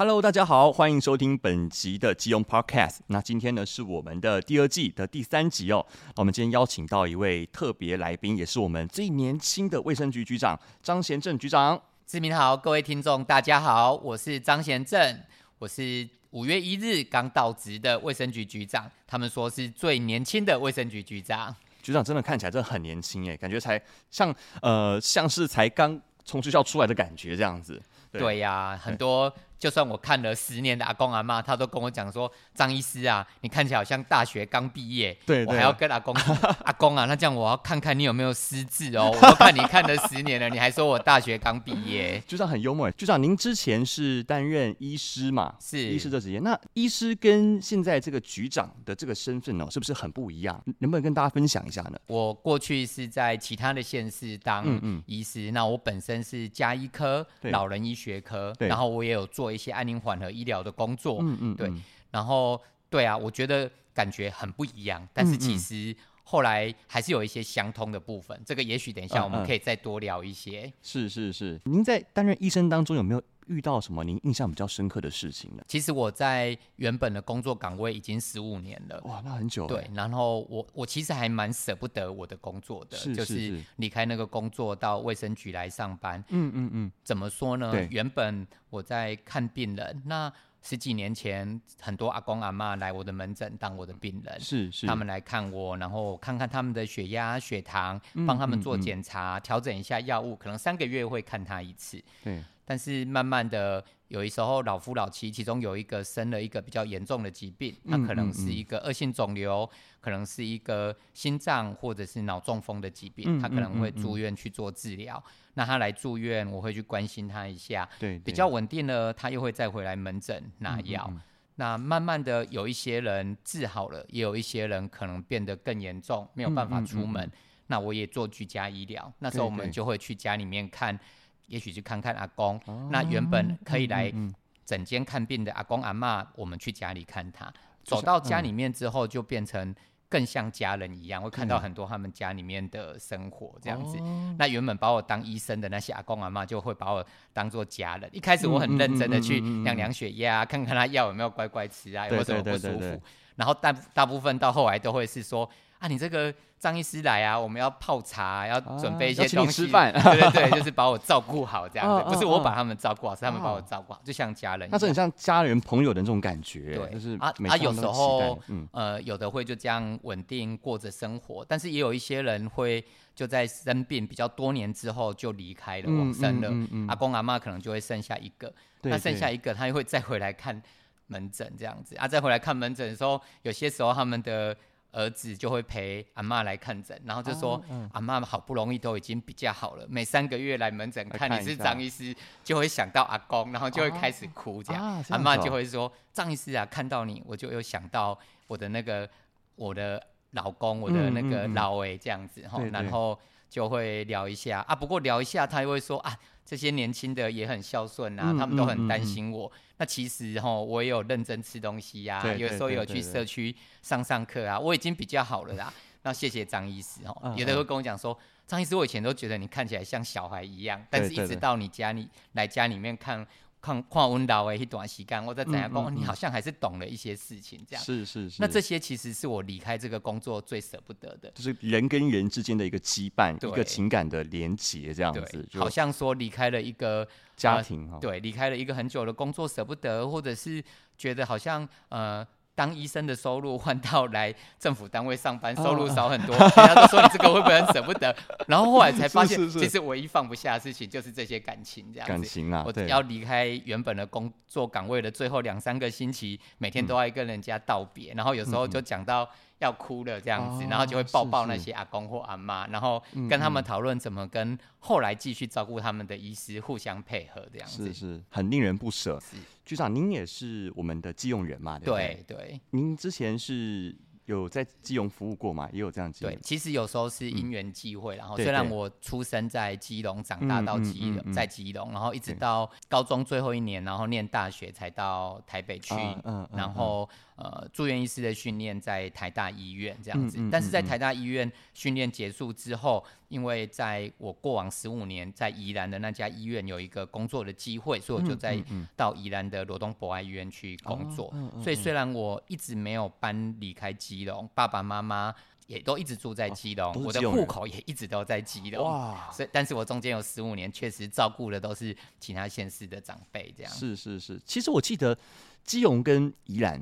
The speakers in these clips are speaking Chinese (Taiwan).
Hello，大家好，歡迎收聽本集的《基隆 Podcast》。那今天呢是我們的第二季的第三集哦。我們今天邀請到一位特別來賓，也是我們最年輕的衛生局局長張賢政局長。志明好，各位聽眾大家好，我是張賢政，我是五月一日剛到職的衛生局局長，他們說是最年輕的衛生局局長。局長真的看起來真的很年輕耶，感覺才像，呃，像是才剛從學校出來的感覺這樣子。對呀、啊，很多。就算我看了十年的阿公阿媽，他都跟我講說：“張醫師啊，你看起來好像大學剛畢業。”對，對，對，我還要跟阿公說 阿公啊，那這樣我要看看你有沒有失智哦。我都看你看了十年了， 你還說我大學剛畢業。局長很幽默。局長，您之前是擔任醫師嘛？是醫師的職業。那醫師跟現在這個局長的這個身份哦，是不是很不一樣？能不能跟大家分享一下呢？我過去是在其他的縣市當醫師，嗯嗯，那我本身是家醫科、對老人醫學科，對然後我也有做。一些安寧緩和醫療的工作，嗯，嗯嗯，對，然後對啊，我覺得感覺很不一樣，但是其實。嗯嗯後來還是有一些相通的部分，這個也許等一下我們可以再多聊一些。嗯嗯，是是是，您在擔任醫生當中有沒有遇到什麼您印象比較深刻的事情呢？其實我在原本的工作崗位已經十五年了，哇，那很久了。對，然後我我其實還蠻舍不得我的工作的，是是是，就是離開那個工作到衛生局來上班。嗯嗯嗯，怎麼說呢？對原本我在看病人那。十幾年前，很多阿公阿媽來我的門診，當我的病人，是是，是他們來看我，然後看看他們的血壓、血糖，幫、嗯、他們做檢查，調、嗯嗯、整一下藥物，可能三個月會看他一次。對。但是慢慢的，有一時候老夫老妻，其中有一個生了一個比較嚴重的疾病，嗯嗯嗯，他可能是一個惡性腫瘤，可能是一個心臟或者是腦中風的疾病，嗯嗯嗯嗯，他可能會住院去做治療。嗯嗯嗯，那他來住院，我會去關心他一下。對，對，比較穩定呢，他又會再回來門診拿藥。嗯嗯嗯，那慢慢的有一些人治好了，也有一些人可能變得更嚴重，沒有辦法出門。嗯嗯嗯嗯，那我也做居家醫療，那時候我們就會去家裡面看。也許去看看阿公，哦、那原本可以來診間看病的阿公阿媽，哦、我們去家裡看他。嗯、走到家裡面之後，就變成更像家人一樣，嗯、會看到很多他們家裡面的生活這樣子。哦、那原本把我當醫生的那些阿公阿媽，就會把我當做家人。一開始我很認真的去量量血壓啊，嗯嗯嗯嗯嗯看看他藥有沒有乖乖吃啊，有沒有什麼不舒服。然後大大部分到後來都會是說。啊，你這個張醫師來啊！我們要泡茶，要準備一些東西，啊、要吃飯 對對對，就是把我照顧好這樣子，啊啊啊、不是我把他們照顧好，啊、是他們把我照顧好，啊、就像家人。那是很像家人朋友的這種感覺，就是啊啊，有時候、嗯、呃，有的會就這樣穩定過着生活，但是也有一些人會就在生病比較多年之後就離開了，往生了。嗯嗯嗯嗯、阿公阿媽可能就會剩下一個，對對對，那剩下一個他又會再回來看門診這樣子啊，再回來看門診的時候，有些時候他們的。兒子就會陪阿媽來看診，然後就說、啊嗯、阿媽好不容易都已經比較好了，每三個月來門診，看你是張醫師，一就會想到阿公，然後就會開始哭、啊、這樣。啊這樣啊、阿媽就會說張醫師啊，看到你我就有想到我的那個我的老公，我的那個老哎這樣子，然後就會聊一下啊。不過聊一下，他又會說啊。這些年輕的也很孝順啊，嗯、他們都很擔心我。嗯嗯、那其實吼，我也有認真吃東西呀，有時候有去社區上上課啊，我已經比較好了啦。嗯、那謝謝張醫師哦，嗯、有的人跟我講說，張、嗯、醫師，我以前都覺得你看起來像小孩一樣，但是一直到你家裡，對對對，來家裡面看。看，礦溫到位，一段時間，我者等下。不、嗯嗯嗯、你好像還是懂了一些事情，這樣。是是是。那這些其實是我離開這個工作最舍不得的，就是人跟人之間的一個羈絆，對一個情感的連結這樣子。對就好像說離開了一個家庭、呃、對，離開了一個很久的工作舍不得，或者是覺得好像呃。當醫生的收入換到來政府單位上班，啊、收入少很多，啊、人家都說你這個會不會很捨不得？ 然後後來才發現，是是是其實唯一放不下的事情就是這些感情，這樣子。感情啊，我要離開原本的工作崗位的最後兩三個星期，嗯、每天都要跟人家道別，然後有時候就講到、嗯。嗯要哭了，這樣子，哦、然後就會抱抱那些阿公或阿媽，是是然後跟他們討論怎麼跟後來繼續照顧他們的醫師、嗯、互相配合這樣子，是是，很令人不捨。是、局長，您也是我們的基隆人嘛，對不對？對對，您之前是有在基隆服務過嘛？也有這樣子。對，其實有時候是因緣際會，然後雖然我出生在基隆，長大到基隆、嗯、在基隆，嗯、然後一直到高中最後一年，然後念大學才到台北去，嗯，嗯嗯然後。呃，住院醫師的訓練在台大醫院這樣子，嗯嗯嗯、但是在台大醫院訓練結束之後，嗯嗯、因為在我過往十五年在宜蘭的那家醫院有一個工作的機會，所以我就在到宜蘭的羅東博愛醫院去工作。嗯嗯嗯、所以雖然我一直沒有搬離開基隆，爸爸媽媽也都一直住在基隆，哦、都是基隆人。我的戶口也一直都在基隆。哇！所以，但是我中間有十五年確實照顧的都是其他縣市的長輩，這樣是是是。其實我記得基隆跟宜蘭。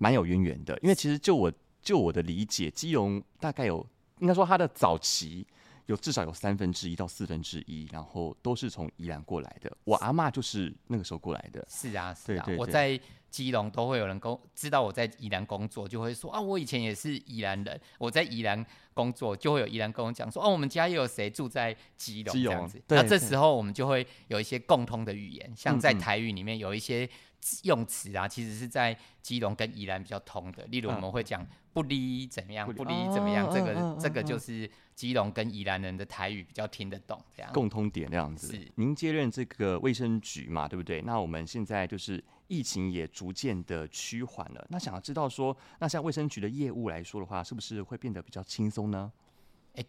蠻有淵源的，因為其實就我，就我的理解，基隆大概有，應該說它的早期有至少有三分之一到四分之一，4，然後都是從宜蘭過來的。我阿嬤，就是那個時候過來的。是啊，是啊。對對對，我在基隆都會有人跟知道我在宜蘭工作，就會說啊，我以前也是宜蘭人，我在宜蘭工作，就會有宜蘭跟我講說，哦、啊，我們家又有誰住在基隆這樣子。對對對，那這時候我們就會有一些共通的語言，像在台語裡面有一些。嗯嗯用詞啊，其實是在基隆跟宜蘭比較通的，例如我們會講不離，怎麼樣，嗯、不離怎麼樣，不離，哦、這個、嗯、這個就是基隆跟宜蘭人的台語比較聽得懂這樣。共通點這樣子。是，您接任這個衛生局嘛，對不對？那我們現在就是疫情也逐漸的趨緩了，那想要知道說，那像衛生局的業務來說的話，是不是會變得比較輕鬆呢？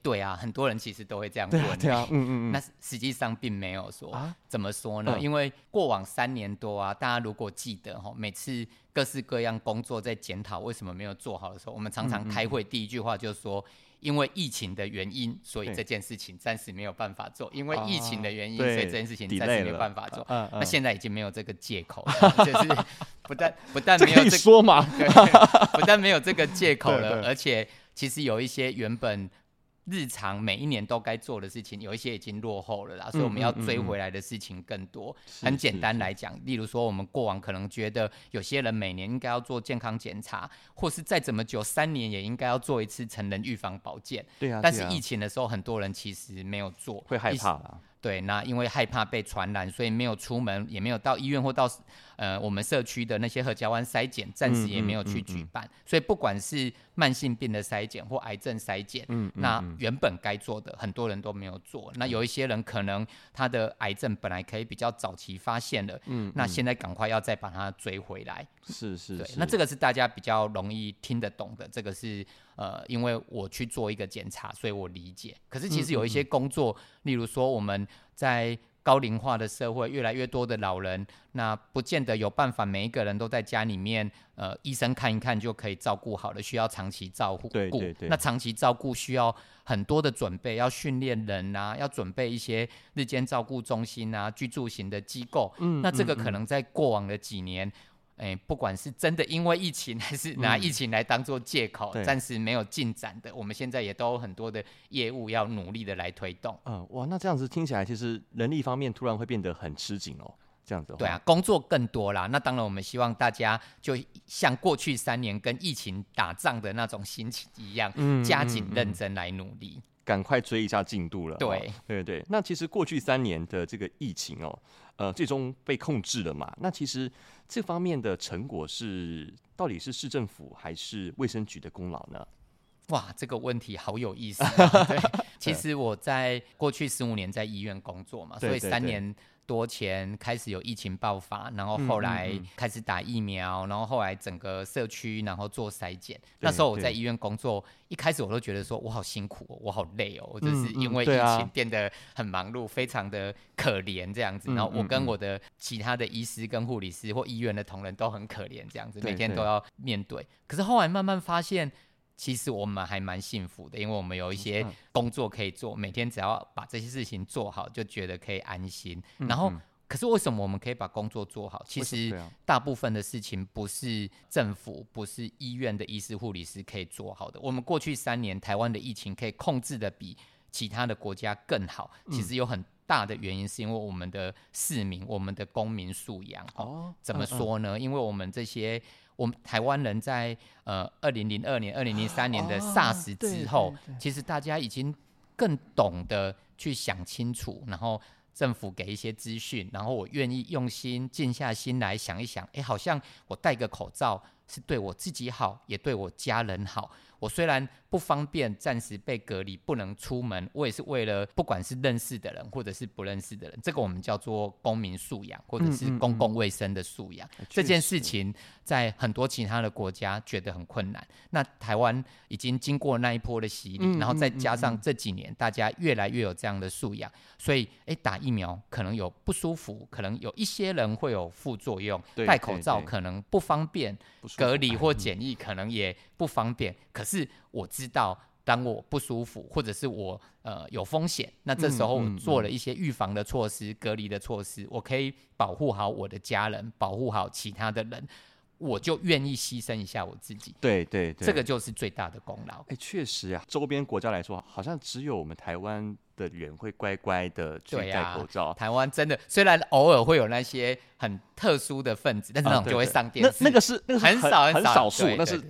對啊，很多人其實都會這樣做。對啊，嗯嗯。那實際上並沒有說，怎麼說呢？因為過往三年多啊，大家如果記得哈，每次各式各樣工作在檢討為什麼沒有做好的時候，我們常常開會第一句話就是說，因為疫情的原因，所以這件事情暫時沒有辦法做。因為疫情的原因，所以這件事情暫時沒有辦法做。那現在已經沒有這個借口了，就是不但不但沒有這個說嘛，不但沒有這個借口了，而且其實有一些原本，日常每一年都該做的事情，有一些已經落後了啦，所以我們要追回來的事情更多。嗯嗯嗯。很簡單來講，例如說，我們過往可能覺得有些人每年應該要做健康檢查，或是再怎麼久三年也應該要做一次成人預防保健。對啊，對啊。但是疫情的時候，很多人其實沒有做，會害怕。對，那因為害怕被傳染，所以沒有出門，也沒有到醫院或到。呃，我們社區的那些闔家歡篩檢暫時也沒有去舉辦，嗯嗯嗯嗯，所以不管是慢性病的篩檢或癌症篩檢，嗯嗯嗯，那原本該做的很多人都沒有做。嗯、那有一些人可能他的癌症本來可以比較早期發現了，嗯嗯，那現在趕快要再把它追回來，是，是是，是。對，那這個是大家比較容易聽得懂的。這個是呃，因為我去做一個檢查，所以我理解。可是其實有一些工作，嗯嗯嗯，例如說我們在。高齡化的社會，越來越多的老人，那不見得有辦法，每一個人都在家裡面，呃，醫生看一看就可以照顧好了。需要長期照顧，對對對。那長期照顧需要很多的準備，要訓練人啊，要準備一些日間照顧中心啊，居住型的機構。嗯，那這個可能在過往的幾年。嗯嗯嗯哎，不管是真的因為疫情，還是拿疫情來當做借口，嗯、暫時沒有進展的，我們現在也都有很多的業務要努力的來推動。嗯、呃，哇，那這樣子聽起來，其實人力方面突然會變得很吃緊哦。這樣子，對啊，工作更多啦。那當然，我們希望大家就像過去三年跟疫情打仗的那種心情一樣，嗯嗯嗯、加緊認真來努力。趕快追一下進度了。對、哦、對對，那其實過去三年的這個疫情哦，呃，最終被控制了嘛？那其實這方面的成果是到底是市政府還是衛生局的功勞呢？哇，這個問題好有意思啊 。其實我在過去十五年在醫院工作嘛，對對對，所以三年。多前開始有疫情爆發，然後後來開始打疫苗，嗯嗯、然後後來整個社區然後做篩檢。對那時候我在醫院工作，對一開始我都覺得說我好辛苦哦、喔，我好累哦、喔，嗯、我就是因為疫情變得很忙碌，啊、非常的可憐這樣子。然後我跟我的其他的醫師、跟護理師或醫院的同仁都很可憐這樣子，對對對，每天都要面對。可是後來慢慢發現。其實我們還蠻幸福的，因為我們有一些工作可以做，嗯、每天只要把這些事情做好，就覺得可以安心。嗯、然後，嗯、可是為什麼我們可以把工作做好？其實大部分的事情不是政府、不是醫院的醫師、護理師可以做好的。我們過去三年台灣的疫情可以控制得比其他的國家更好，嗯、其實有很大的原因是因為我們的市民、我們的公民素養。哦，怎麼說呢？嗯嗯，因為我們這些。我們台灣人在呃二零零二年、二零零三年的 SARS 之後，哦、對對對，其實大家已經更懂得去想清楚，然後政府給一些資訊，然後我願意用心靜下心來想一想，哎、欸，好像我戴個口罩。.是對我自己好，也對我家人好。我雖然不方便，暫時被隔離，不能出門，我也是為了不管是認識的人，或者是不認識的人，這個我們叫做公民素養，或者是公共衛生的素養。嗯嗯嗯、這件事情在很多其他的國家覺得很困難。確實、那台灣已經經過那一波的洗禮，嗯嗯嗯嗯、然後再加上這幾年大家越來越有這樣的素養，所以，誒、欸，打疫苗可能有不舒服，可能有一些人會有副作用。戴口罩可能不方便。不舒服。隔離或檢疫可能也不方便，嗯、可是我知道，當我不舒服或者是我呃有風險，那這時候我做了一些預防的措施，嗯嗯、隔離的措施，我可以保護好我的家人，保護好其他的人，我就願意犧牲一下我自己。對對對，這個就是最大的功勞。哎、欸，確實啊，周邊國家來說，好像只有我們台灣。的人會乖乖的去戴口罩。啊、台灣真的，雖然偶爾會有那些很特殊的分子，嗯、但是那種就會上電視、啊、對對對，那那個是那個是很少很少數，那是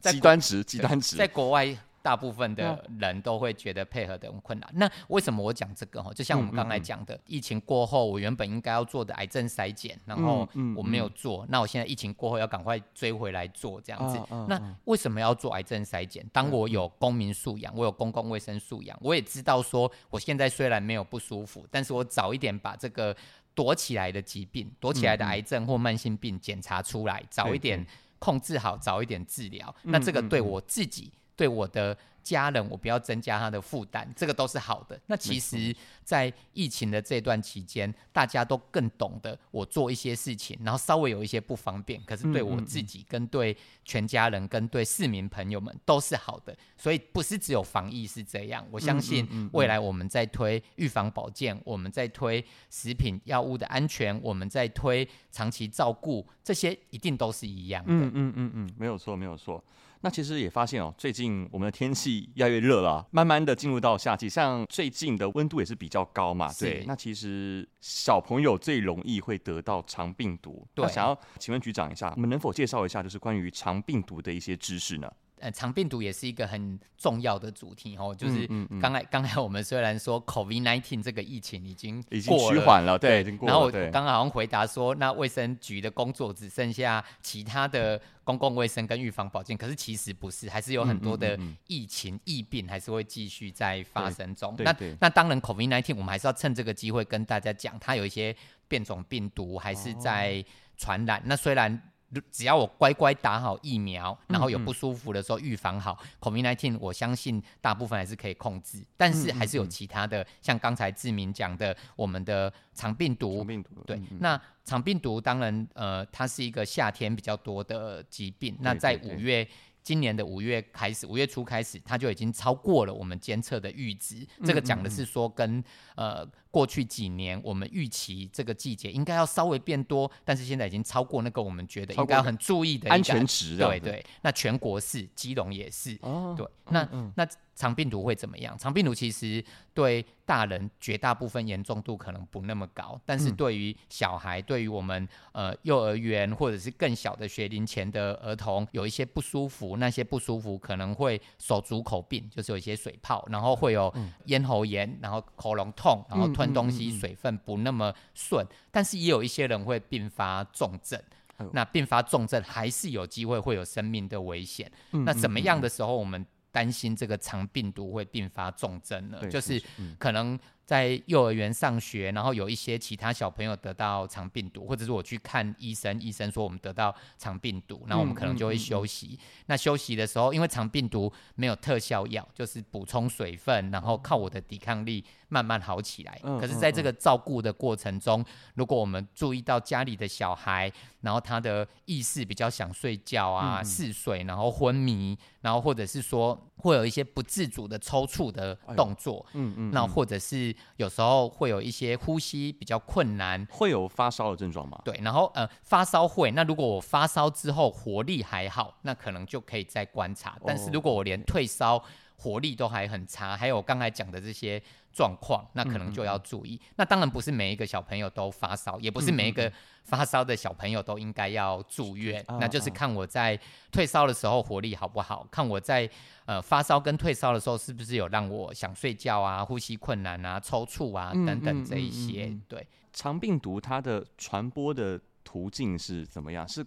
極端值，極端值。在國外。大部分的人都會覺得配合得很困難。哦、那為什麼我講這個？哈，就像我們剛才講的，嗯嗯嗯疫情過後，我原本應該要做的癌症篩檢，然後我沒有做，嗯嗯嗯那我現在疫情過後要趕快追回來做這樣子。哦哦哦那為什麼要做癌症篩檢？當我有公民素養，嗯嗯我有公共衛生素養，我也知道說，我現在雖然沒有不舒服，但是我早一點把這個躲起來的疾病、躲起來的癌症或慢性病檢查出來，早、嗯嗯、一點控制好，早、嗯嗯、一點治療，嗯嗯嗯嗯那這個對我自己。對我的家人，我不要增加他的負擔，這個都是好的。那其實，在疫情的這段期間，大家都更懂得我做一些事情，然後稍微有一些不方便，可是對我自己跟對全家人跟對市民朋友們都是好的。所以不是只有防疫是這樣，我相信未來我們在推預防保健，我們在推食品藥物的安全，我們在推長期照顧，這些一定都是一樣的。嗯嗯嗯嗯，嗯，沒有錯，沒有錯。那其實也發現哦，最近我們的天氣越來越熱了，慢慢的進入到夏季，像最近的溫度也是比較高嘛，對。是那其實小朋友最容易會得到腸病毒，對啊。我想要請問局長一下，我們能否介紹一下就是關於腸病毒的一些知識呢？呃，腸病毒也是一個很重要的主題哦，就是剛剛，嗯嗯、剛才我們雖然說 COVID-19 這個疫情已經過了，已經趨緩了已經過了，對，然後我剛剛好像回答說，對那衛生局的工作只剩下其他的公共衛生跟預防保健，可是其實不是，還是有很多的疫情、嗯、疫病還是會繼續在發生中。對對對，那那當然 COVID-19 我們還是要趁這個機會跟大家講，它有一些變種病毒還是在傳染。哦、那雖然。只要我乖乖打好疫苗，然後有不舒服的時候預防好、嗯嗯、，COVID-19，我相信大部分還是可以控制。但是還是有其他的，嗯嗯、像剛才志明講的，我們的腸病毒。腸病毒，對，嗯嗯、那腸病毒當然，呃，它是一個夏天比較多的疾病。對對對，那在五月，今年的五月開始，五月初開始，它就已經超過了我們監測的閾值。嗯、這個講的是說跟、嗯嗯、呃。過去幾年，我們預期這個季節應該要稍微變多，但是現在已經超過那個我們覺得應該很注意的安全值。對，對對，那全國是，基隆也是，哦、對。那嗯嗯那腸病毒會怎麼樣？腸病毒其實對大人絕大部分嚴重度可能不那麼高，但是對於小孩，嗯、對於我們呃幼兒園或者是更小的學齡前的兒童，有一些不舒服，那些不舒服可能會手足口病，就是有一些水泡，然後會有咽喉炎，嗯、然後喉嚨痛，然後吞。東西水分不那麼順，嗯嗯嗯，但是也有一些人會併發重症，哎呦，那併發重症還是有機會會有生命的危險。嗯嗯嗯嗯，那怎麼樣的時候我們擔心這個腸病毒會併發重症呢？嗯嗯嗯，就是可能。在幼兒園上學，然後有一些其他小朋友得到腸病毒，或者是我去看醫生，醫生說我們得到腸病毒，那我們可能就會休息。嗯嗯嗯嗯、那休息的時候，因為腸病毒沒有特效藥，就是補充水分，然後靠我的抵抗力慢慢好起來。嗯、可是在這個照顧的過程中，嗯嗯嗯、如果我們注意到家裡的小孩，然後他的意識比較想睡覺啊、嗜睡、嗯嗯，然後昏迷，然後或者是說會有一些不自主的抽搐的動作，嗯嗯、哎呦，那或者是。有時候會有一些呼吸比較困難，會有發燒的症狀嗎？對，然後呃發燒會。那如果我發燒之後活力還好，那可能就可以再觀察。Oh，但是如果我連退燒，活力都還很差，還有剛才講的這些狀況，那可能就要注意。嗯嗯，那當然不是每一個小朋友都發燒，也不是每一個發燒的小朋友都應該要住院。嗯嗯，那就是看我在退燒的時候活力好不好，啊啊，看我在呃發燒跟退燒的時候是不是有讓我想睡覺啊、呼吸困難啊、抽搐啊等等這一些。嗯嗯嗯嗯，對，腸病毒它的傳播的途徑是怎麼樣？是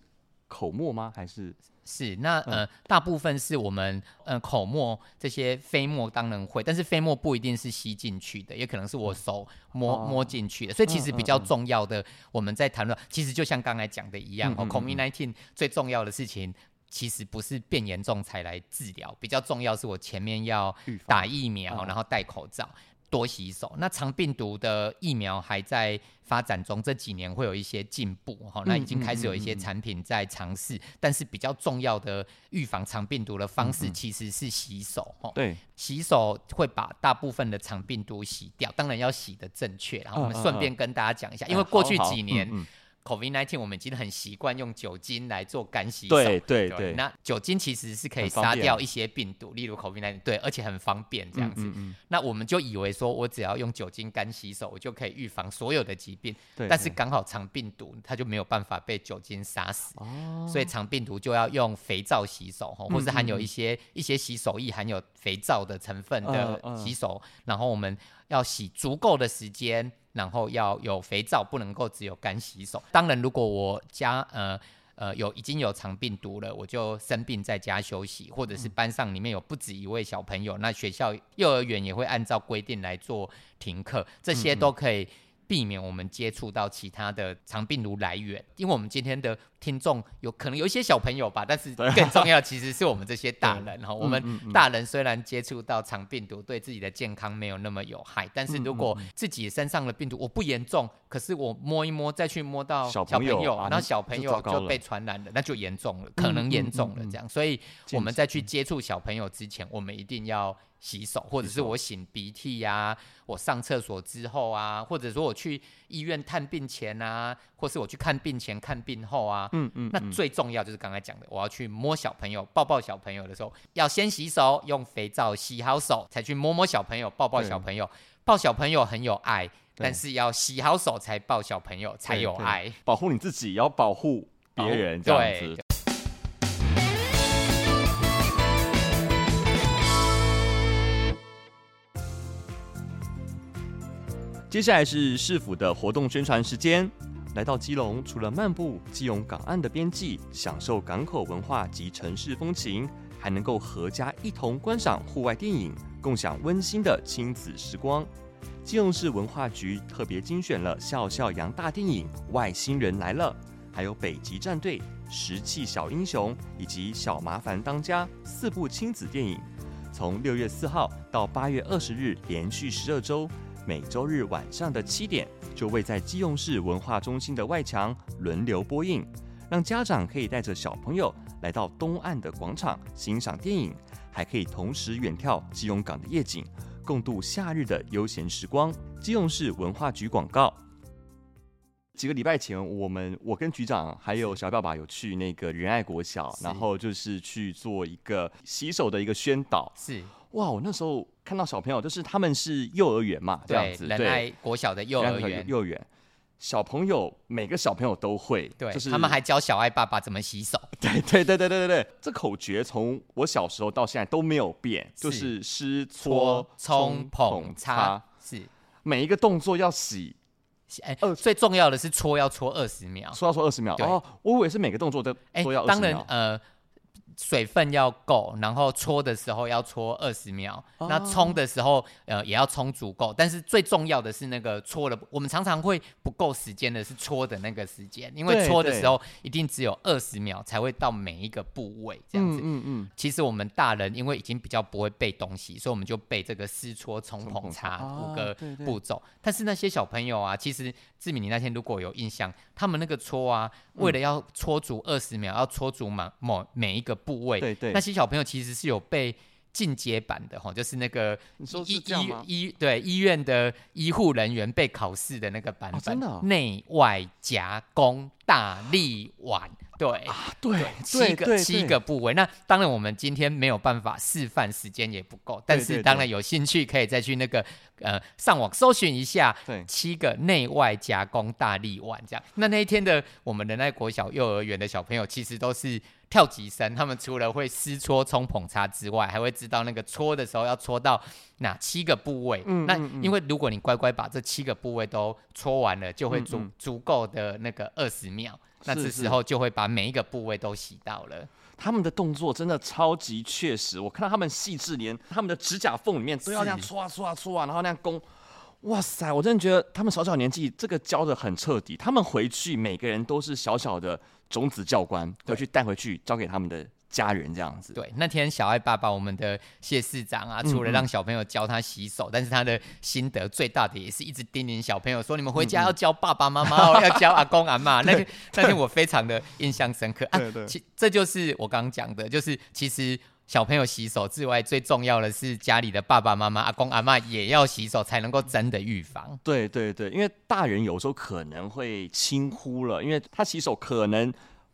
口沫嗎？還是是那，嗯、呃，大部分是我們呃口沫這些飛沫當然會，但是飛沫不一定是吸進去的，也可能是我手摸、嗯哦、摸進去的。所以其實比較重要的，我們在談論，嗯嗯嗯其實就像剛才講的一樣，哦、嗯嗯嗯、COVID-19 最重要的事情，其實不是變嚴重才來治療，比較重要是我前面要打疫苗，哦、然後戴口罩。多洗手。那腸病毒的疫苗還在發展中，這幾年會有一些進步，嗯哦、那已經開始有一些產品在嘗試，嗯嗯，但是比較重要的預防腸病毒的方式其實是洗手。嗯嗯哦、對，洗手會把大部分的腸病毒洗掉，當然要洗得正確。然後我們順便跟大家講一下，哦哦、因為過去幾年。哦好好嗯嗯 COVID-19，我們已經很習慣用酒精來做乾洗手。對對對，對對那酒精其實是可以殺掉一些病毒，例如 COVID-19，對，而且很方便這樣子。嗯嗯嗯、那我們就以為說，我只要用酒精乾洗手，我就可以預防所有的疾病。對。但是剛好腸病毒它就沒有辦法被酒精殺死，所以腸病毒就要用肥皂洗手哦，或是含有一些一些洗手液含有肥皂的成分的洗手，嗯嗯、然後我們要洗足夠的時間。然後要有肥皂，不能夠只有乾洗手。當然，如果我家呃呃有已經有腸病毒了，我就生病在家休息，或者是班上裡面有不止一位小朋友，那學校幼兒園也會按照規定來做停課，這些都可以避免我們接觸到其他的腸病毒來源。因為我們今天的。聽眾有可能有一些小朋友吧，但是更重要其實是我們這些大人哈。 對我們大人雖然接觸到腸病，對對病毒，對自己的健康沒有那麼有害，但是如果自己身上的病毒、嗯、我不嚴重，嗯、可是我摸一摸再去摸到小朋友，朋友啊，那小朋友就被傳染了，那就嚴重了，可能嚴重了這樣。所以我們在去接觸小朋友之前，我們一定要洗手，或者是我擤鼻涕呀、啊，我上廁所之後啊，或者說我去醫院探病前啊，或是我去看病前、看病後啊。嗯嗯，嗯嗯，那最重要就是剛才講的，我要去摸小朋友、抱抱小朋友的時候，要先洗手，用肥皂洗好手，才去摸摸小朋友、抱抱小朋友。對抱小朋友很有愛，對但是要洗好手才抱小朋友對才有愛。保護你自己，也要保護別人，護這樣子。接下來是市府的活動宣傳時間。來到基隆，除了漫步基隆港岸的邊際，享受港口文化及城市風情，還能夠闔家一同觀賞戶外電影，共享溫馨的親子時光。基隆市文化局特別精選了《笑笑羊大電影》《外星人來了》、還有《北極戰隊》《石器小英雄》以及《小麻煩當家》四部親子電影，從六月四號到八月二十日連續十二周。每週日晚上的七點，就會在基隆市文化中心的外牆輪流播映，讓家長可以帶着小朋友來到東岸的廣場欣賞電影，還可以同時遠眺基隆港的夜景，共度夏日的悠閒時光。基隆市文化局廣告。是幾個禮拜前，我們我跟局長還有小爸爸有去那個仁愛國小，是然後就是去做一個洗手的一個宣導。是。哇，我那時候看到小朋友，就是他們是幼兒園嘛，這樣子，對，仁愛國小的幼兒園，幼兒園小朋友，每個小朋友都會，對，就是他們還教小愛爸爸怎麼洗手，對，對，對，對，對，對，對，這口訣從我小時候到現在都沒有變，就是濕搓沖捧擦，是每一個動作要洗，哎，最重要的是搓要搓二十秒，搓要搓二十秒，對，我以為是每個動作都搓要二十秒，當然，呃。水分要夠，然後搓的時候要搓二十秒，啊、那沖的時候，呃，也要沖足夠。但是最重要的，是那個搓的，我們常常會不夠時間的，是搓的那個時間，因為搓的時候一定只有二十秒才會到每一個部位，這樣子。對對對嗯，嗯，嗯其實我們大人因為已經比較不會背東西，所以我們就背這個濕搓、沖、捧、擦五個步驟。啊、對對，但是那些小朋友啊，其實志明，你那天如果有印象，他們那個搓啊，為了要搓足二十秒，嗯、要搓足滿每每一個部位，對對，那些小朋友其實是有被進階版的哈、哦，就是那個是醫醫醫對，醫院的醫護人員被考試的那個版本，哦、真、哦、內外夾弓大立腕，對啊對，對，對七個對對對七個部位。那當然我們今天沒有辦法示範，時間也不夠，但是當然有興趣可以再去那個呃上網搜尋一下，對，七個內外夾弓大立腕這樣。那對那一天的我們的仁愛國小幼兒園的小朋友其實都是跳級生，他們除了會濕搓沖捧擦之外，還會知道那個搓的時候要搓到哪七個部位。嗯，那嗯嗯因為如果你乖乖把這七個部位都搓完了，就會足、嗯嗯、足夠的那個二十秒，那這時候就會把每一個部位都洗到了。是是他們的動作真的超級確實，我看到他們細緻，連他們的指甲縫裡面都要那樣搓啊搓是啊搓啊，然後那樣弓。哇塞！我真的覺得他們小小年紀，這個教得很徹底。他們回去每個人都是小小的種子教官，要去帶回去，帶回去教給他們的家人這樣子。對，那天小愛爸爸我們的謝市長啊，除了讓小朋友教他洗手，嗯嗯但是他的心得最大的也是一直叮嚀小朋友說：“嗯嗯你們回家要教爸爸媽媽， 要教阿公阿媽。” 那天對那天我非常的印象深刻。啊、對，對對，其這就是我剛剛講的，就是其實。小朋友洗手之外，最重要的是家裡的爸爸媽媽、阿公阿嬤，也要洗手，才能夠真的預防。對對對，因為大人有時候可能會輕忽了，因為他洗手可能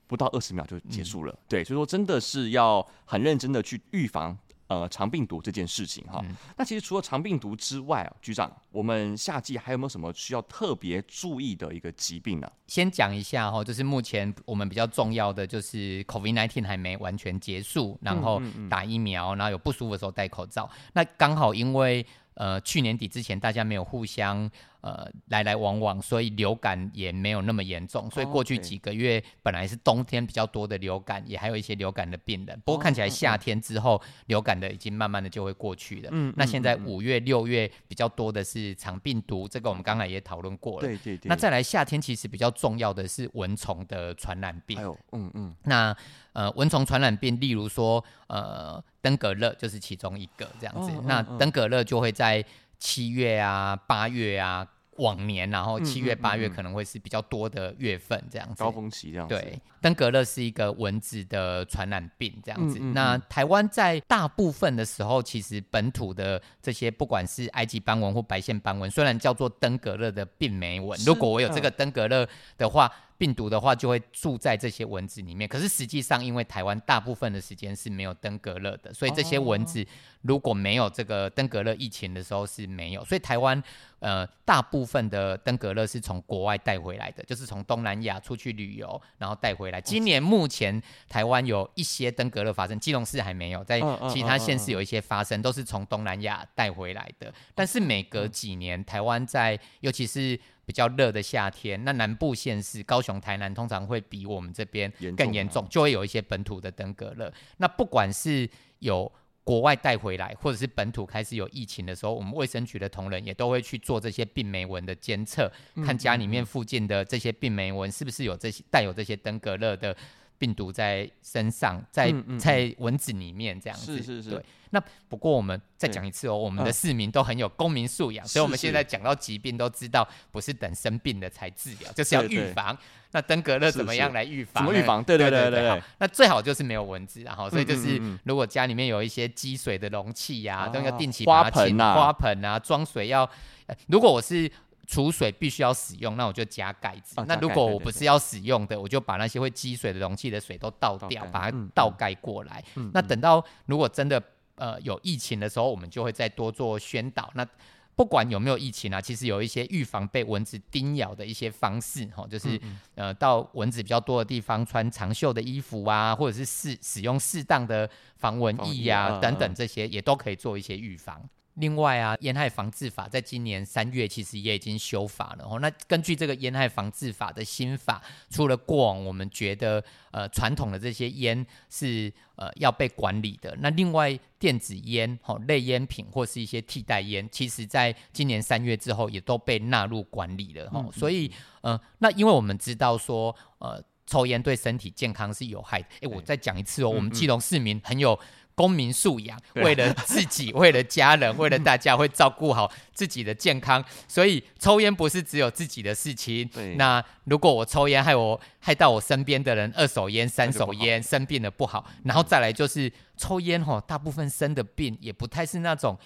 不到二十秒就結束了。嗯、對，所以說真的是要很認真的去預防。呃，腸病毒這件事情哈，嗯、那其實除了腸病毒之外啊，局長，我們夏季還有沒有什麼需要特別注意的一個疾病呢、啊？先講一下哈、哦，就是目前我們比較重要的就是 COVID-19 還沒完全結束，然後打疫苗，嗯嗯嗯，然後有不舒服的時候戴口罩。那剛好因為呃去年底之前大家沒有互相。呃，來來往往，所以流感也沒有那麼嚴重。所以過去幾個月，Oh, okay. 本來是冬天比較多的流感，也還有一些流感的病人。不過看起來夏天之後，Oh, 流感的已經慢慢的就會過去了。嗯，那現在五月六月比較多的是腸病毒，嗯，這個我們剛才也討論過了。對對對。那再來夏天其實比較重要的是蚊蟲的傳染病。嗯嗯。嗯那呃，蚊蟲傳染病，例如說呃登革熱就是其中一個這樣子。Oh, 那登革熱就會在七月啊，八月啊，往年然後七月八月可能會是比較多的月份這樣子，高峰期這樣子，對，登革熱是一個蚊子的傳染病這樣子。嗯嗯嗯、那台灣在大部分的時候，其實本土的這些不管是埃及斑蚊、或白線斑蚊，雖然叫做登革熱的病媒蚊是，如果我有這個登革熱的話，病毒的話就會住在這些蚊子裡面，可是實際上因為台灣大部分的時間是沒有登革熱的，所以這些蚊子如果沒有這個登革熱疫情的時候是沒有，所以台灣呃大部分的登革熱是從國外帶回來的，就是從東南亞出去旅遊然後帶回來。今年目前台灣有一些登革熱發生，基隆市還沒有，在其他縣市有一些發生，都是從東南亞帶回來的。但是每隔幾年台灣在尤其是。比較熱的夏天，那南部縣市，高雄、台南通常會比我們這邊更嚴重，嚴重啊，就會有一些本土的登革熱。那不管是有國外帶回來，或者是本土開始有疫情的時候，我們衛生局的同仁也都會去做這些病媒蚊的監測，嗯嗯嗯，看家裡面附近的這些病媒蚊是不是有這些帶有這些登革熱的。病毒在身上，在、嗯嗯、在蚊子裡面這樣子，是是，是對，那不過我們再講一次哦、喔，對我們的市民都很有公民素養，啊、所以我們現在講到疾病都知道，不是等生病了才治療，是是就是要預防。對對，那登革熱怎麼樣來預防？預防，對對對對，對、對、對。那最好就是沒有蚊子，然後所以就是如果家裡面有一些積水的容器呀、啊，都要、嗯嗯嗯、定期花盆啊、花盆啊裝、啊、水要、呃。如果我是。儲水必須要使用，那我就加蓋子。哦、加蓋子，那如果我不是要使用的，對對對，我就把那些會積水的容器的水都倒掉，oh, okay. 把它倒蓋過來。嗯嗯，那等到如果真的呃有疫情的時候，我們就會再多做宣導。那不管有沒有疫情啊，其實有一些預防被蚊子叮咬的一些方式齁，就是嗯嗯呃到蚊子比較多的地方穿長袖的衣服啊，或者是適使用適當的防蚊液啊、oh, yeah, uh, uh. 等等，這些也都可以做一些預防。另外啊，菸害防治法在今年三月其實也已經修法了哦。那根據這個菸害防治法的新法，除了過往我們覺得呃傳統的這些菸是呃要被管理的，那另外電子菸、齁，類菸品或是一些替代菸，其實在今年三月之後也都被納入管理了哦，嗯嗯所以、呃、那因為我們知道說呃抽菸對身體健康是有害的，欸、我再講一次哦、喔，嗯嗯我們基隆市民很有。公民素養，對啊，為了自己， 為了家人，為了大家，會照顧好自己的健康。所以，抽煙不是只有自己的事情。對那如果我抽煙，害我害到我身邊的人，二手煙、三手煙生病了不好。不好嗯，然後再來就是，抽煙吼，哦，大部分生的病也不太是那種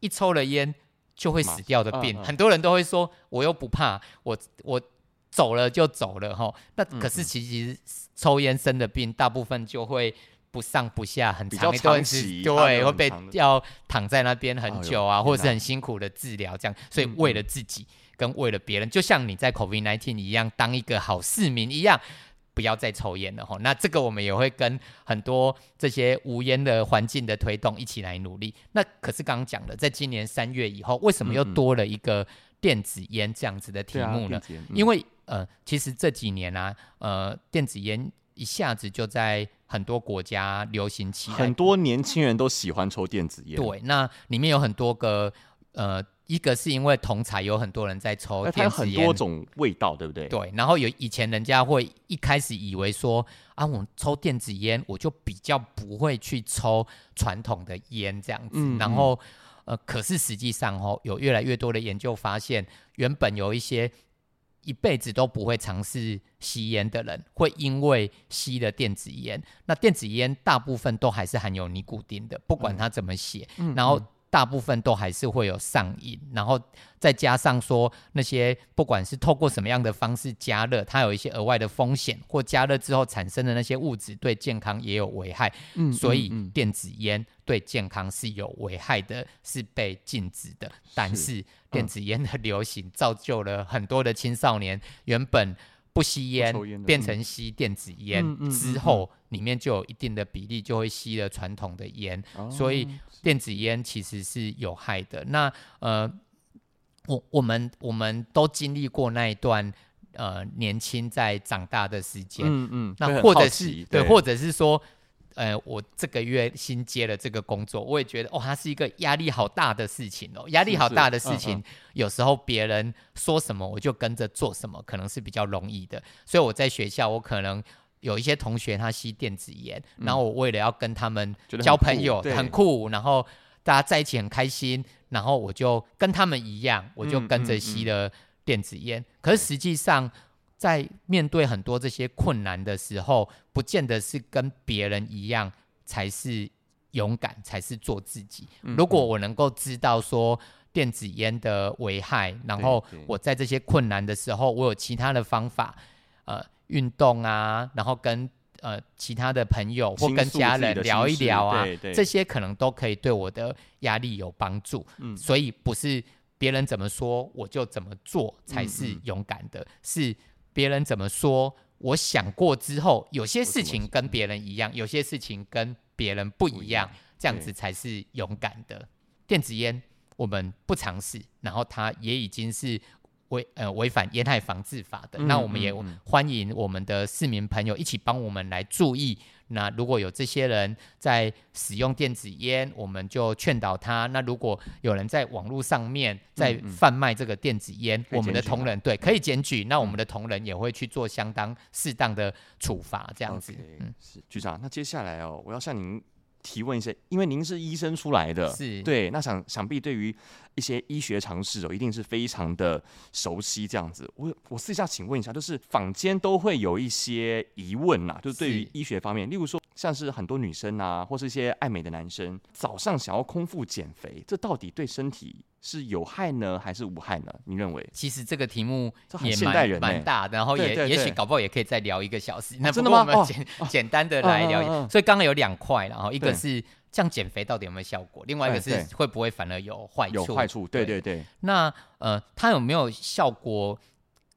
一抽了煙就會死掉的病。啊啊很多人都會說，我又不怕，我我走了就走了吼，哦。那，嗯、哼可是其實抽煙生的病，大部分就會，不上不下很長一段時間，對，會被要躺在那邊很久啊，或者是很辛苦的治療這樣。所以為了自己嗯嗯跟為了別人，就像你在 COVID-19 一樣，當一個好市民一樣，不要再抽菸了齁。那這個我們也會跟很多這些無菸的環境的推動一起來努力。那可是剛剛講的，在今年三月以後，為什麼又多了一個電子菸這樣子的題目呢？嗯嗯啊嗯、因為呃，其實這幾年啊，呃，電子菸。一下子就在很多國家流行起來，很多年輕人都喜歡抽電子菸。對，那裡面有很多個，呃，一個是因為同儕有很多人在抽，它有很多種味道，對不對？對，然後有以前人家會一開始以為說啊，我抽電子菸，我就比較不會去抽傳統的菸這樣子。然後，呃，可是實際上哦、喔，有越來越多的研究發現，原本有一些。一輩子都不會嘗試吸菸的人，會因為吸了電子菸，那電子菸大部分都還是含有尼古丁的，不管它怎麼寫，嗯，然後。大部分都還是會有上癮，然後再加上說那些不管是透過什麼樣的方式加熱，它有一些額外的風險，或加熱之後產生的那些物質對健康也有危害。嗯，所以電子菸對健康是有危害的，是被禁止的。但是電子菸的流行造就了很多的青少年原本。不吸煙變成吸電子煙，嗯嗯嗯、之後，裡面就有一定的比例就會吸了傳統的煙，嗯、所以電子煙其實是有害的。那呃，我我們我們都經歷過那一段呃年輕在長大的時間，嗯，嗯嗯，那或者是對，對，對，或者是說。呃，我這個月新接了這個工作，我也覺得哦，它是一個壓力好大的事情哦、喔，壓力好大的事情。是不是？嗯嗯有時候別人說什麼，我就跟着做什麼，可能是比較容易的。所以我在學校，我可能有一些同學他吸電子煙，嗯、然後我為了要跟他們交朋友，很酷，很酷，然後大家在一起很開心，然後我就跟他們一樣，我就跟着吸了電子煙。嗯嗯嗯、可是實際上。在面對很多這些困難的時候，不見得是跟別人一樣才是勇敢，才是做自己。如果我能夠知道說電子煙的危害，然後我在這些困難的時候，我有其他的方法，呃，運動啊，然後跟呃其他的朋友或跟家人聊一聊啊，這些可能都可以對我的壓力有幫助。所以不是別人怎麼說我就怎麼做才是勇敢的，是。別人怎麼說，我想過之後，有些事情跟別人一樣，有些事情跟別人不一樣，這樣子才是勇敢的。電子菸，我們不嘗試，然後它也已經是。違呃違反《煙害防治法》的，嗯、那我們也歡迎我們的市民朋友一起幫我們來注意。嗯嗯、那如果有這些人在使用電子煙，我們就勸導他；那如果有人在網絡上面在販賣這個電子煙，嗯嗯、我們的同仁對可以檢舉，嗯、那我們的同仁也會去做相當適當的處罰。這樣子，okay, 嗯，是。局長。那接下來哦，我要向您。提問一些，因為您是醫生出來的，是對，那想想必對於一些醫學常識哦，一定是非常的熟悉。這樣子，我我私下請問一下，就是坊間都會有一些疑問吶，是就是對於醫學方面，例如說。像是很多女生啊，或是一些愛美的男生，早上想要空腹減肥，這到底對身體是有害呢，還是無害呢？你認為？其實這個題目也蠻很、欸、蠻大，然後也對對對也許搞不好也可以再聊一個小時。真的嗎？哦、簡簡單的來聊一，啊啊啊啊、所以剛剛有兩塊，然後一個是這樣減肥到底有沒有效果，對另外一個是會不會反而有壞處。有壞處？對對對。對那呃，它有沒有效果？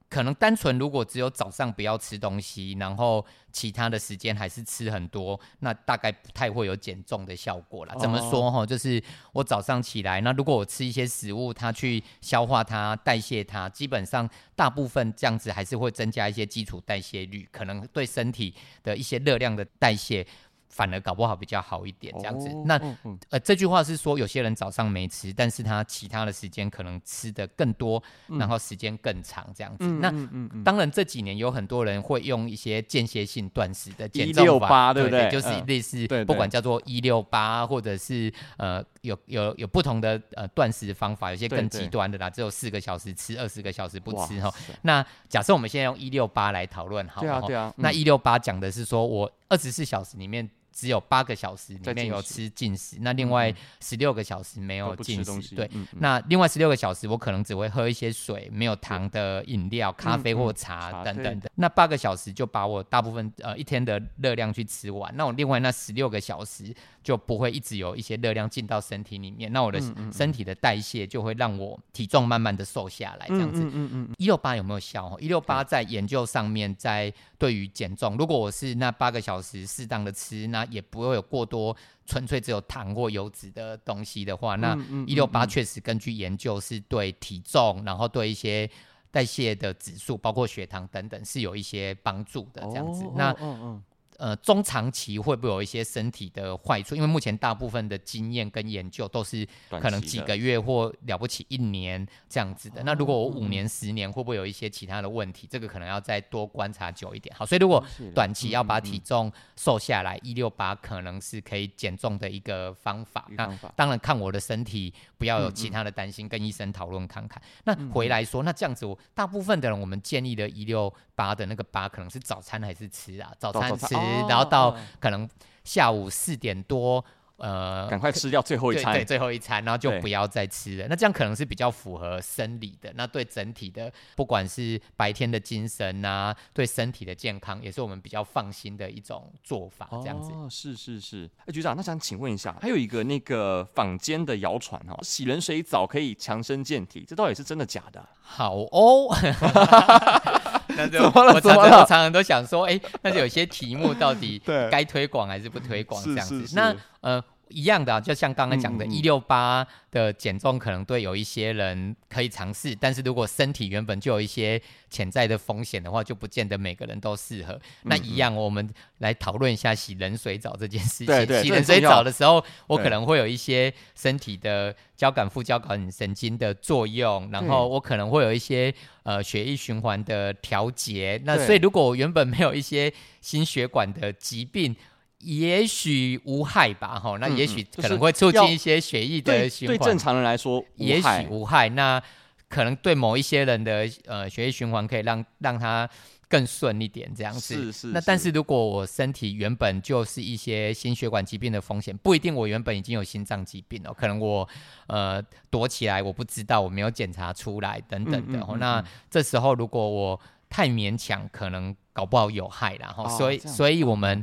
可能單純如果只有早上不要吃東西，然後其他的時間還是吃很多，那大概不太會有減重的效果啦。怎麼說哈？就是我早上起來，那如果我吃一些食物，它去消化它，代謝它，基本上大部分這樣子還是會增加一些基礎代謝率，可能對身體的一些熱量的代謝。反而搞不好比較好一點這樣子，Oh, 那、嗯、呃這句話是說有些人早上沒吃，但是他其他的時間可能吃得更多，嗯、然後時間更長這樣子。嗯、那、嗯嗯、當然這幾年有很多人會用一些間歇性斷食的減重法，168, 對不對？對不對？就是類似不管叫做一六八或者是呃。有有有不同的呃斷食方法，有些更極端的啦，對對，只有四個小時吃，二十個小時不吃哈。那假設我們現在用一六八來討論，好，對啊對啊，那一六八講的是說我二十四小時裡面，只有八個小時裡面有吃進食，那另外十六個小時沒有進食，對。那另外十六個小時我可能只會喝一些水，沒有糖的飲料、咖啡或茶等等的。那八個小時就把我大部分呃一天的熱量去吃完，那我另外那十六個小時就不會一直有一些熱量進到身體裡面，那我的身體的代謝就會讓我體重慢慢的瘦下來。這樣子，嗯嗯，一六八有沒有效？一六八在研究上面在對於減重，如果我是那八個小時適當的吃那。也不會有過多純粹只有糖或油脂的東西的話，嗯、那一六八確實根據研究是對體重，嗯嗯嗯、然後對一些代謝的指數，包括血糖等等是有一些幫助的這樣子。哦、那嗯嗯。哦哦哦呃，中長期會不會有一些身體的壞處？因為目前大部分的經驗跟研究都是可能幾個月或了不起一年這樣子的。那如果我五年、十年，會不會有一些其他的問題？這個可能要再多觀察久一點。好，所以如果短期要把體重瘦下來，一六八可能是可以減重的一個方法。那當然看我的身體，不要有其他的擔心，嗯嗯跟醫生討論看看。那回來說，那這樣子我，大部分的人我們建議的一六八的那個八，可能是早餐還是吃啊？早餐吃。然後到可能下午四點多，呃，趕快吃掉最後一餐。對對，最後一餐，然後就不要再吃了。對那這樣可能是比較符合生理的，那對整體的不管是白天的精神啊，對身體的健康，也是我們比較放心的一種做法。哦、這樣子，哦，是是是。哎，局長，那想請問一下，還有一個那個坊間的謠傳哦，洗冷水澡可以強身健體，這到底是真的假的啊？好哦。 我常常都想說，哎、欸，那就有些題目到底該推廣還是不推廣這樣子？是是是，那，呃。一樣的啊，就像剛剛講的，一六八的減重可能對有一些人可以嘗試，但是如果身體原本就有一些潛在的風險的話，就不見得每個人都適合。那一樣，我們來討論一下洗冷水澡這件事情。嗯嗯。洗冷水澡的時候，我可能會有一些身體的交感副交感神經的作用，然後我可能會有一些呃血液循環的調節。那所以，如果我原本沒有一些心血管的疾病。也許無害吧，哈，那也許可能會促進一些血液的循環。對正常人來說，也許無害。那可能對某一些人的呃血液循環可以讓讓他更順一點，這樣子。是是。那但是如果我身體原本就是一些心血管疾病的風險，不一定我原本已經有心臟疾病哦，可能我呃躲起來，我不知道，我沒有檢查出來等等的。那這時候如果我太勉強，可能搞不好有害了，哈。所以，所以我們。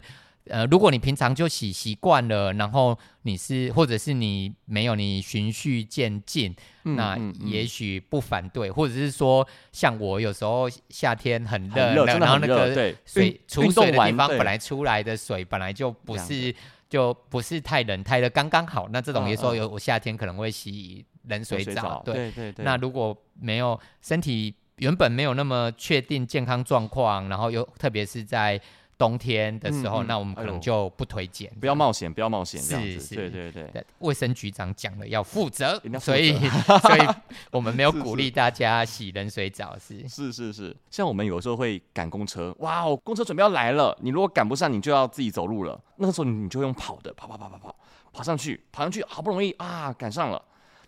呃，如果你平常就洗習慣了，然後你是或者是你沒有你循序漸進，嗯、那也許不反對，嗯嗯、或者是說像我有時候夏天很熱，很熱然後那個水出對水的地方本來出來的水本來就不是對就不是太冷，太熱剛剛好。那這種也說有我夏天可能會洗冷水澡，對對對。那如果沒有身體原本沒有那麼確定健康狀況，然後又特別是在。冬天的時候，嗯嗯、那我們可能就不推薦、哎呦，這樣。不要冒險，不要冒險，這樣子。是是對對對，衛生局長講了要負責，欸、要負責，所以 所以我們沒有鼓勵大家洗冷水澡。是是是，是是，像我們有時候會趕公車，哇喔，公車準備要來了，你如果趕不上，你就要自己走路了。那個時候你就用跑的，跑跑跑跑跑，跑上去，跑上去，好不容易啊，趕上了。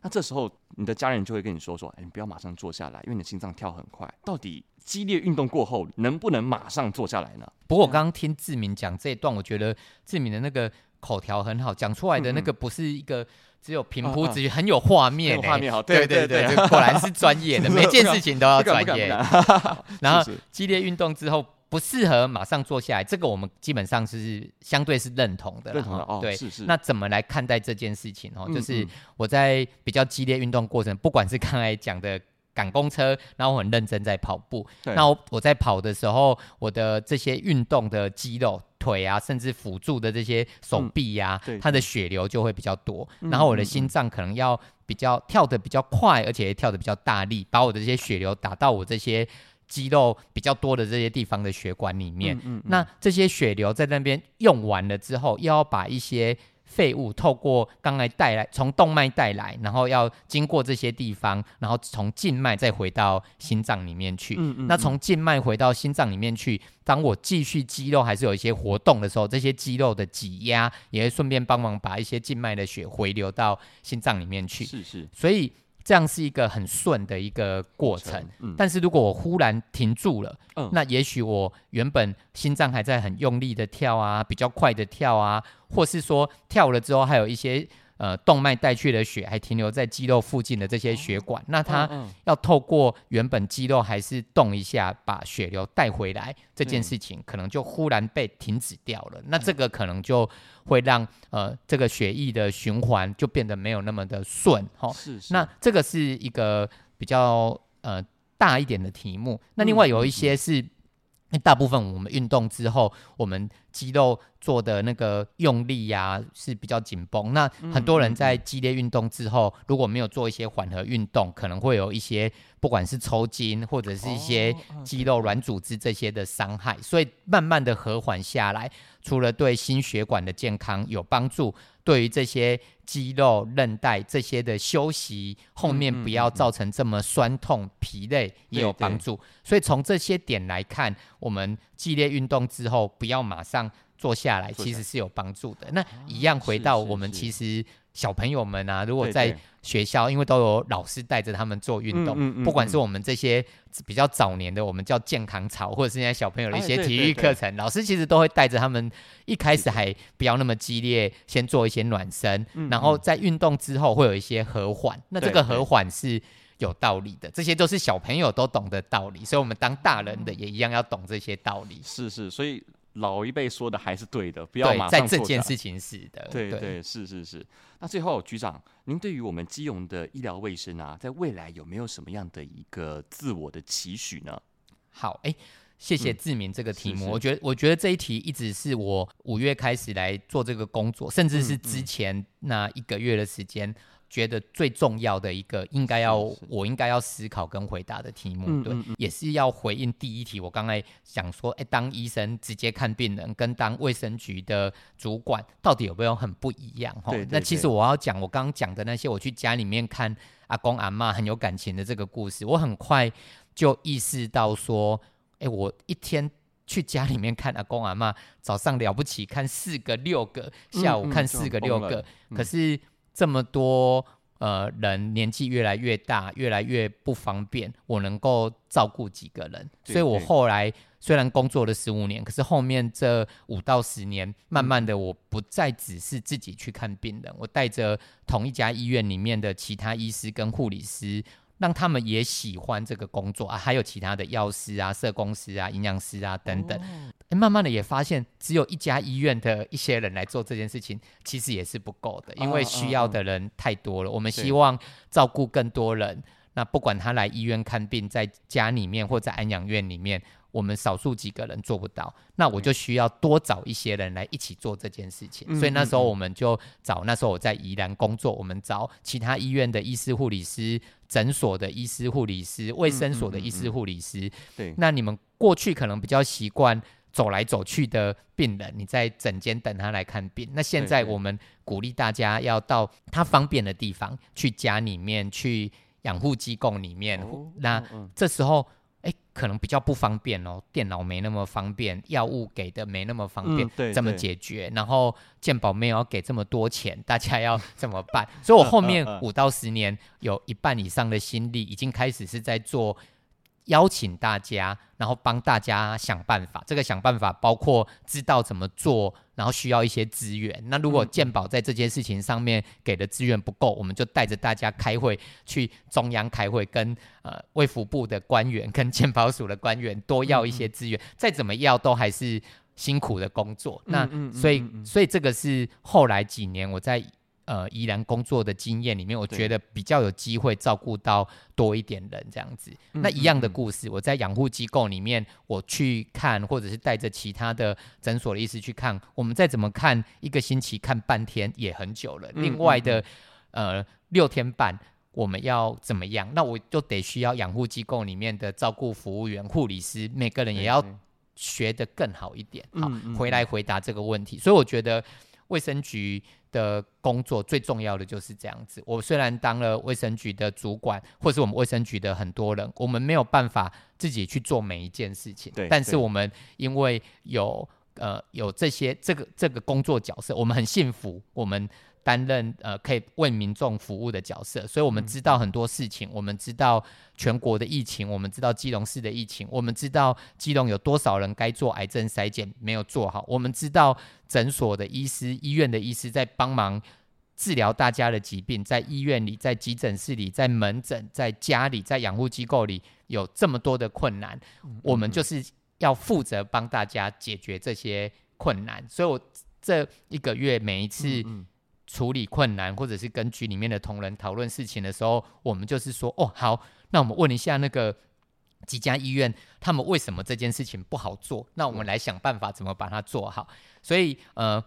那這時候你的家人就會跟你說說，哎，你不要馬上坐下來，因為你的心臟跳很快。到底激烈運動過後能不能馬上坐下來呢？不過我剛剛聽志明講這一段，我覺得志明的那個口條很好，講出來的那個不是一個只有平鋪直敘，很有畫面，畫面好，對對對，對，果然是專業的，每件事情都要專業。然後激烈運動之後。不適合馬上坐下來，這個我們基本上是相對是認同的。認同的、哦、對，是是。那怎麼來看待這件事情哦？就是我在比較激烈運動過程，嗯嗯，不管是剛才講的趕公車，然後我很認真在跑步，對那我在跑的時候，我的這些運動的肌肉、腿啊，甚至輔助的這些手臂呀、啊，嗯、對對對，它的血流就會比較多。嗯嗯嗯嗯，然後我的心臟可能要比較跳得比較快，而且跳得比較大力，把我的這些血流打到我這些。肌肉比較多的這些地方的血管裡面，嗯嗯嗯那這些血流在那邊用完了之後，又要把一些廢物透過剛才帶來從動脈帶來，然後要經過這些地方，然後從靜脈再回到心臟裡面去。嗯嗯嗯那從靜脈回到心臟裡面去，當我繼續肌肉還是有一些活動的時候，這些肌肉的擠壓也會順便幫忙把一些靜脈的血回流到心臟裡面去。是是，所以。這樣是一個很順的一個過程，嗯、但是如果我忽然停住了，嗯、那也許我原本心臟還在很用力的跳啊，比較快的跳啊，或是說跳了之後還有一些。呃，動脈帶去的血還停留在肌肉附近的這些血管，嗯、那它要透過原本肌肉還是動一下，把血流帶回來、嗯嗯、這件事情，可能就忽然被停止掉了。對那這個可能就會讓呃這個血液的循環就變得沒有那麼的順。齁，是是。那這個是一個比較呃大一點的題目。那另外有一些是嗯嗯嗯。大部分我們運動之後，我們肌肉做的那個用力呀、啊、是比較緊繃。那很多人在激烈運動之後，如果沒有做一些緩和運動，可能會有一些不管是抽筋或者是一些肌肉軟組織這些的傷害。Oh, okay. 所以慢慢的和緩下來，除了對心血管的健康有幫助，對於這些。肌肉、韌帶這些的休息，後面不要造成這麼痠痛、疲累，也有幫助。所以從這些點來看，我們劇烈運動之後，不要馬上。坐下來其實是有幫助的。那一樣回到我們，其實小朋友們啊，如果在學校，因為都有老師帶着他們做運動，不管是我們這些比較早年的，我們叫健康操，或者是現在小朋友的一些體育課程，老師其實都會帶着他們。一開始還不要那麼激烈，先做一些暖身，然後在運動之後會有一些和緩。那這個和緩是有道理的，這些都是小朋友都懂的道理，所以我們當大人的也一樣要懂這些道理。是是，所以。老一輩說的還是對的，不要馬上，在這件事情是的。對對，對，是是是。那最後局長，您對於我們基隆的醫療衛生啊，在未來有沒有什麼樣的一個自我的期許呢？好，哎、欸，謝謝志明這個題目，嗯、是是，我覺得我覺得這一題一直是我五月開始來做這個工作，甚至是之前那一個月的時間。嗯嗯覺得最重要的一個應該要是是我應該要思考跟回答的題目，對，嗯嗯嗯、也是要回應第一題。我剛才講說，哎、欸，當醫生直接看病人，跟當衛生局的主管，到底有沒有很不一樣？哈，對對對，那其實我要講我剛剛講的那些，我去家裡面看阿公阿媽很有感情的這個故事，我很快就意識到說，哎、欸，我一天去家裡面看阿公阿媽，早上了不起看四個六個，下午看四個六個，嗯嗯、可是。嗯這麼多呃人年紀越來越大，越來越不方便，我能夠照顧幾個人？對對對，所以我後來雖然工作了十五年，可是後面這五到十年，慢慢的我不再只是自己去看病人，嗯、我帶着同一家醫院裡面的其他醫師跟護理師，讓他們也喜歡這個工作啊，還有其他的藥師啊、社工師啊、營養師啊等等。哦欸、慢慢的也發現，只有一家醫院的一些人來做這件事情,其實也是不夠的，因為需要的人太多了。啊啊嗯、我們希望照顧更多人。對那不管他來醫院看病，在家裡面或在安養院裡面，我們少數幾個人做不到。那我就需要多找一些人來一起做這件事情。嗯、所以那時候我們就找那時候我在宜蘭工作，我們找其他醫院的醫師、護理師、診所的醫師、護理師、衛生所的醫師、護理師。嗯嗯嗯嗯對。那你們過去可能比較習慣。走來走去的病人，你在診間等他來看病。那現在我們鼓勵大家要到他方便的地方，對對，去家裡面、去養護機構裡面。哦、那這時候，哎、嗯欸，可能比較不方便哦，電腦沒那麼方便，藥物給的沒那麼方便，怎、嗯、麼解決？然後健保沒有給這麼多錢， 大家要怎麼辦？所以，我後面五到十年 有一半以上的心力已經開始是在做。邀請大家，然後幫大家想辦法。這個想辦法包括知道怎麼做，然後需要一些資源。那如果健保在這件事情上面給的資源不夠，嗯、我們就帶着大家開會，去中央開會跟，跟呃衛福部的官員、跟健保署的官員多要一些資源。嗯嗯，再怎麼要都還是辛苦的工作。那嗯嗯嗯嗯嗯所以所以這個是後來幾年我在。呃，宜蘭工作的經驗裡面，我覺得比較有機會照顧到多一點人這樣子。對那一樣的故事，嗯嗯嗯我在養護機構裡面，我去看，或者是帶着其他的診所的醫師去看。我們再怎麼看，一個星期看半天也很久了。另外的，嗯嗯嗯呃，六天半，我們要怎麼樣？那我就得需要養護機構裡面的照顧服務員、護理師，每個人也要學得更好一點。嗯嗯嗯嗯好，回來回答這個問題。所以我覺得衛生局。的工作最重要的就是這樣子。我雖然當了衛生局的主管，或是我們衛生局的很多人，我們沒有辦法自己去做每一件事情。對但是我們因為有呃有這些這個這個工作角色，我們很幸福。我們。擔任呃，可以為民眾服務的角色，所以我們知道很多事情，嗯、我們知道全國的疫情，我們知道基隆市的疫情，我們知道基隆有多少人該做癌症篩檢沒有做好，我們知道診所的醫師、醫院的醫師在幫忙治療大家的疾病，在醫院裡、在急診室裡、在門診、在家裡、在養護機構裡有這麼多的困難，嗯嗯嗯我們就是要負責幫大家解決這些困難。所以我這一個月每一次嗯嗯。處理困難，或者是跟局裡面的同仁討論事情的時候，我們就是說，哦，好，那我們問一下那個幾家醫院，他們為什麼這件事情不好做？那我們來想辦法怎麼把它做好。所以，呃。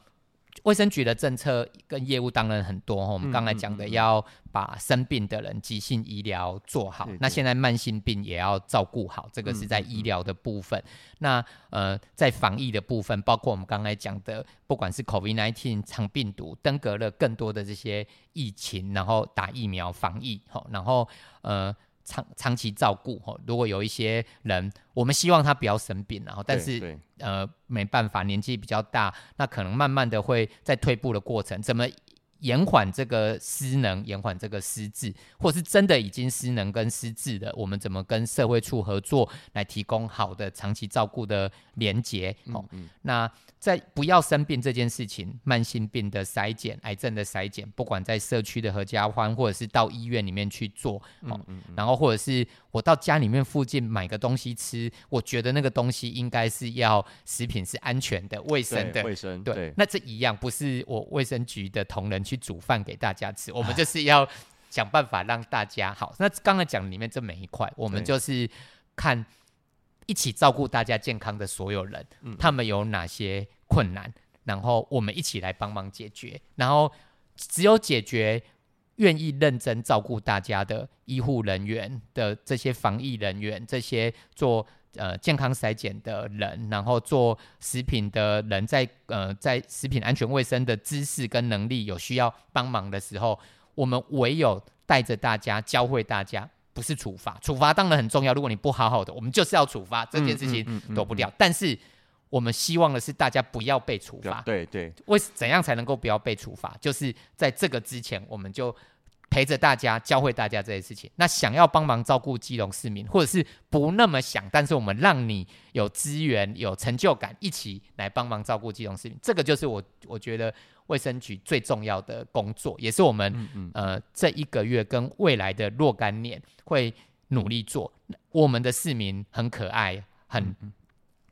衛生局的政策跟業務當然很多，我們剛才講的要把生病的人急性醫療做好，嗯嗯嗯、那現在慢性病也要照顧好，這個是在醫療的部分。嗯嗯、那呃，在防疫的部分，包括我們剛才講的，不管是 COVID-19 腸病毒、登革熱，更多的這些疫情，然後打疫苗防疫，齁，然後呃。長長期照顧吼，如果有一些人，我們希望他不要生病，然後，但是對對呃沒辦法，年紀比較大，那可能慢慢的會在退步的過程，怎麼延緩這個失能，延緩這個失智，或者是真的已經失能跟失智的，我們怎麼跟社會處合作來提供好的長期照顧的連結、嗯嗯、哦，那在不要生病這件事情，慢性病的篩檢、癌症的篩檢，不管在社區的合家歡，或者是到醫院裡面去做，哦，嗯嗯嗯然後或者是。我到家裡面附近買個東西吃，我覺得那個東西應該是要食品是安全的、衛生的。衛生，對。對，那這一樣不是我衛生局的同仁去煮飯給大家吃，對我們就是要想辦法讓大家唉好。那剛才講裡面這麼一塊，我們就是看一起照顧大家健康的所有人，對他們有哪些困難，然後我們一起來幫忙解決。然後只有解決願意認真照顧大家的醫護人員的這些防疫人員、這些做呃健康篩檢的人，然後做食品的人在，在呃在食品安全衛生的知識跟能力有需要幫忙的時候，我們唯有帶着大家教會大家，不是處罰，處罰當然很重要。如果你不好好的，我們就是要處罰，這件事情躲不掉。但是。我們希望的是大家不要被處罰。對對，為怎樣才能夠不要被處罰？就是在這個之前，我們就陪着大家，教會大家這些事情。那想要幫忙照顧基隆市民，或者是不那麼想，但是我們讓你有資源、有成就感，一起來幫忙照顧基隆市民。這個就是我我覺得衛生局最重要的工作，也是我們、嗯嗯、呃這一個月跟未來的若干年會努力做。我們的市民很可愛，很。嗯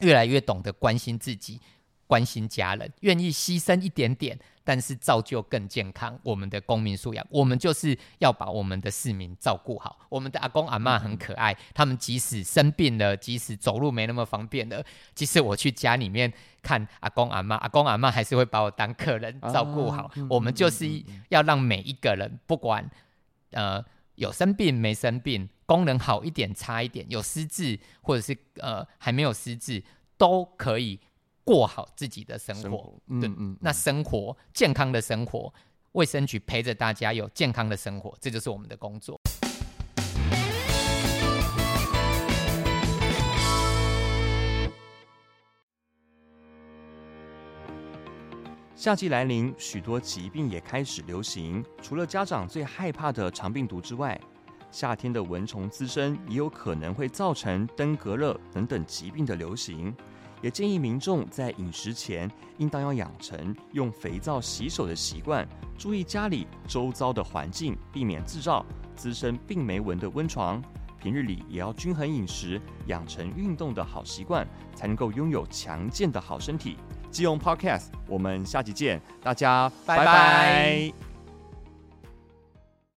越來越懂得關心自己、關心家人，願意犧牲一點點，但是造就更健康，我們的公民素養。我們就是要把我們的市民照顧好。我們的阿公阿嬤很可愛，嗯、哼他們即使生病了，即使走路沒那麼方便了，即使我去家裡面看阿公阿嬤，阿公阿嬤還是會把我當客人照顧好。哦、我們就是要讓每一個人，不管呃。有生病沒生病，功能好一點差一點，有失智或者是呃還沒有失智，都可以過好自己的生活。嗯嗯。對嗯，那生活，健康的生活，衛生局陪着大家有健康的生活，這就是我們的工作。夏季來臨，許多疾病也開始流行。除了家長最害怕的腸病毒之外，夏天的蚊蟲滋生也有可能會造成登革熱等等疾病的流行。也建議民眾在飲食前，應當要養成用肥皂洗手的習慣，注意家裡周遭的環境，避免製造滋生病媒蚊的溫床。平日裡也要均衡飲食，養成運動的好習慣，才能夠擁有強健的好身體。啟用 Podcast，我們下期見，大家，拜拜。拜拜。